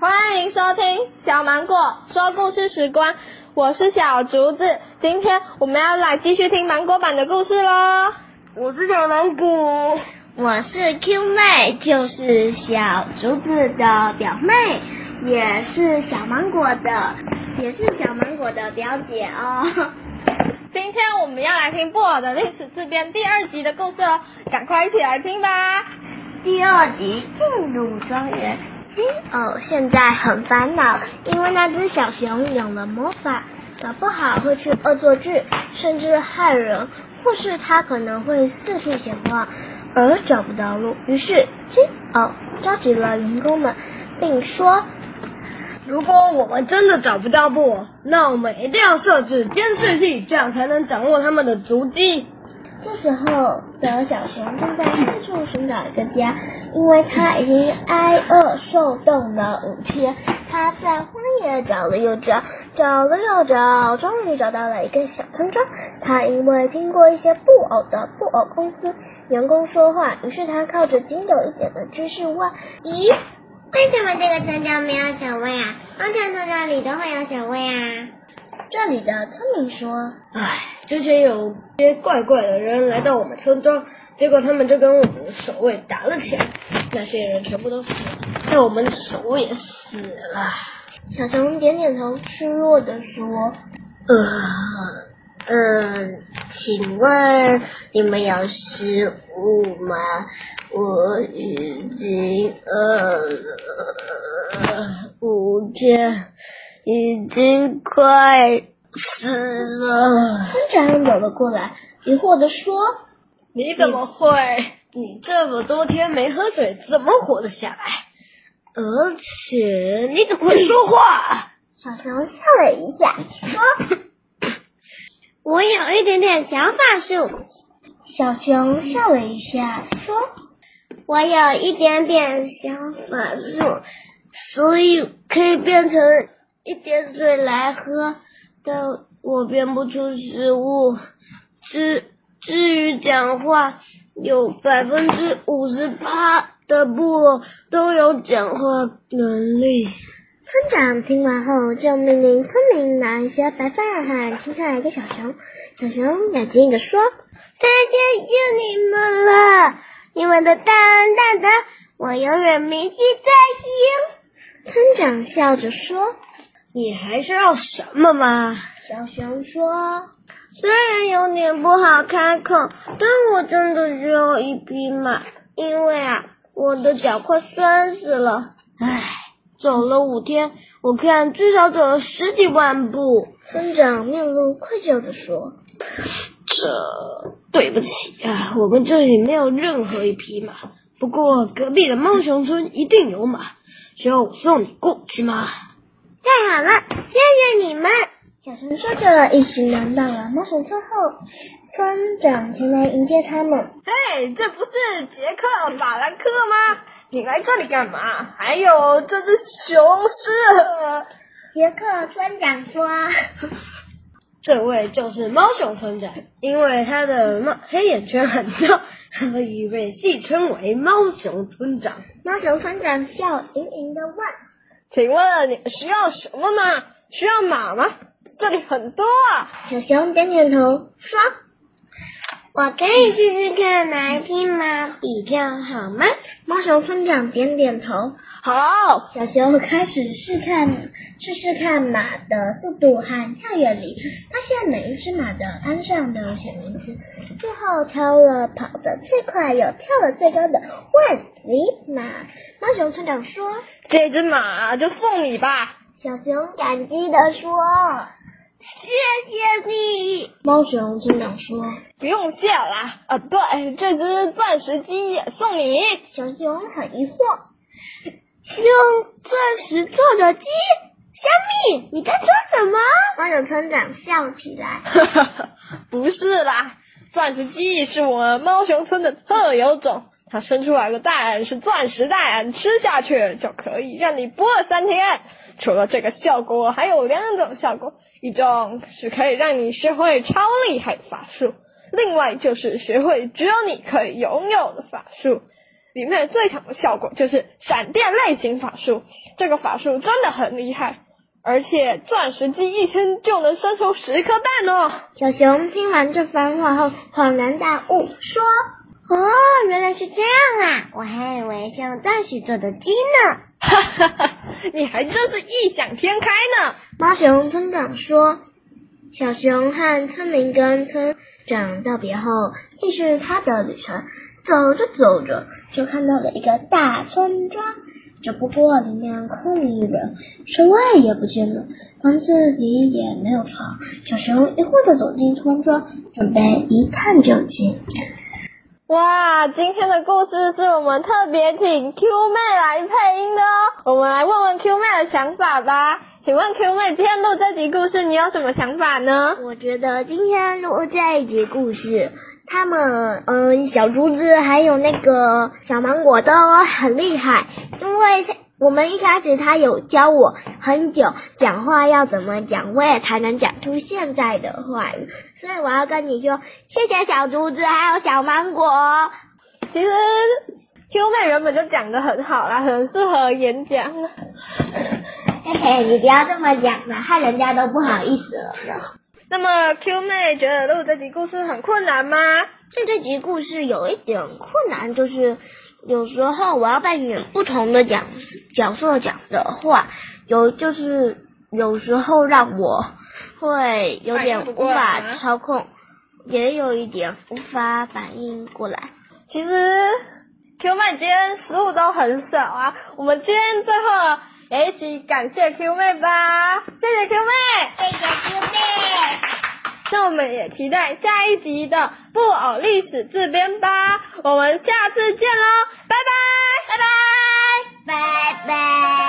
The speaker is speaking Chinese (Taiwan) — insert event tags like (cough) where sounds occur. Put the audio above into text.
歡迎收聽小芒果說故事時光，我是小竹子，今天我們要來繼續聽芒果版的故事嘍。我是小芒果，我是 Q 妹，就是小竹子的表妹，也是小芒果的，也是小芒果的表姐哦。 (laughs) 今天我們要來聽布偶的歷史自編第二集的故事哦，趕快一起來聽吧。第二集步入莊園。金、嗯、偶、哦、現在很煩惱，因為那隻小熊有了魔法，搞不好會去惡作劇，甚至害人，或是他可能會四處閒逛而找不到路。於是金偶召集了員工們，並說：“如果我們真的找不到布偶，那我們一定要設置監視器，這樣才能掌握他們的足跡。”這時候的小熊正在四處尋找一個家，因為他已經挨餓受凍了五天。他在荒野找了又找，找了又找，終於找到了一個小村莊。他因為聽過一些布偶的布偶公司員工說話，於是他靠着僅有一點的知識問：“咦，為什麼這個村莊沒有小屋呀、啊？剛到這裡都會有小屋啊？”這裡的村民說：“唉。”之前有些怪怪的人來到我們村莊，結果他們就跟我們的守衛打了起來，那些人全部都死了，但我們的守衛也死了。小熊點點頭，失落的說：“呃，呃，請問你們有食物嗎？我已經餓了五天，已經快。”死、嗯、了。村長走了過來，疑惑地說：“你怎麼會？你這麼多天沒喝水，怎麼活得下來？而且你怎麼會說話？”小熊笑了一下，說：“我有一點點小法術。”小熊笑了一下，說：“我有一點點小法術，所以可以變成一點水來喝。”但我變不出食物，至至於講話，有百分之五十八的布偶都有講話能力。村長聽完後，就命令村民拿一些白飯，和青菜給一個小熊。小熊感激的說：“再見，你們了！你們的大恩大德，我永遠銘記在心。”村長笑着說。你還是要什麼嗎？小熊說：“雖然有點不好開口，但我真的需要一匹馬，因為啊，我的腳快酸死了。唉，走了五天，我看至少走了十幾萬步。”村長面露愧疚的說：“這對不起啊，我們這裡沒有任何一匹馬。不過隔壁的貓熊村一定有馬，需要我送你過去嗎？”太好了，謝謝你們。小熊說着，一行人到了貓熊村後，村長前來迎接他們。嘿，這不是傑克、法蘭克嗎？你來這裡幹嘛？還有這隻雄獅。傑克村長說：“這位就是貓熊村長，因為他的黑眼圈很重，所以被戲稱為貓熊村長。”貓熊村長笑盈盈地問。請問你需要什麼嗎？需要馬嗎？這裡很多啊。小熊點點頭說。我可以試試看哪匹馬比較好嗎？貓熊村長點點頭，好。小熊開始試看，試試看馬的速度和跳躍力，發現每一只馬的鞍上都有寫名字，最後挑了跑得最快又跳得最高的萬里馬。貓熊村長說：“這只馬就送你吧。”小熊感激地說。謝謝你，貓熊村長說：“不用謝啦。啊，對，這隻鑽石雞也送你。小熊很疑惑，用鑽石做的雞，香蜜，你在說什麼？貓熊村長笑起來，哈哈，不是啦，鑽石雞是我們貓熊村的特有種，它生出來的蛋是鑽石蛋，吃下去就可以讓你飽三天。除了這個效果，還有兩種效果。一種是可以讓你學會超厲害的法術，另外就是學會只有你可以擁有的法術。裡面最強的效果就是閃電類型法術，這個法術真的很厲害，而且鑽石雞一天就能生出十顆蛋哦。小熊聽完這番話後恍然大悟，說：“哦，原來是這樣啊！我還以為是鑽石做的雞呢。”哈哈哈。你還真是異想天開呢！貓熊村長說。小熊和村民跟村長道別後，繼續他的旅程。走着走着，就看到了一個大村莊，只不過裡面空無一人，室外也不見了，房子裡也沒有床。小熊疑惑的走進村莊，準備一探究竟。哇，今天的故事是我們特別請 Q 妹來配音的哦。我們來問問 Q 妹的想法吧。請問 Q 妹今天錄這集故事，你有什麼想法呢？我覺得今天錄這一集故事，他們嗯、呃，小竹子還有那個小芒果都很厲害，因為。我們一開始他有教我很久講話要怎麼講，我也才能講出現在的話語。所以我要跟你說，謝謝小竹子，還有小芒果。其實 Q 妹原本就講的很好啦，很適合演講。嘿嘿，你不要這麼講了，害人家都不好意思了。那麼 Q 妹覺得錄這集故事很困難嗎？現在這集故事有一點困難，就是。有時候我要扮演不同的角角色講的話，有就是有時候讓我會有點無法操控，也有一點無法反應過來。其實 Q 妹今天失誤都很少啊，我們今天最後也一起感謝 Q 妹吧，謝謝 Q 妹。也期待下一集的布偶歷史自編吧，我們下次見嘍，拜拜，拜拜，拜拜。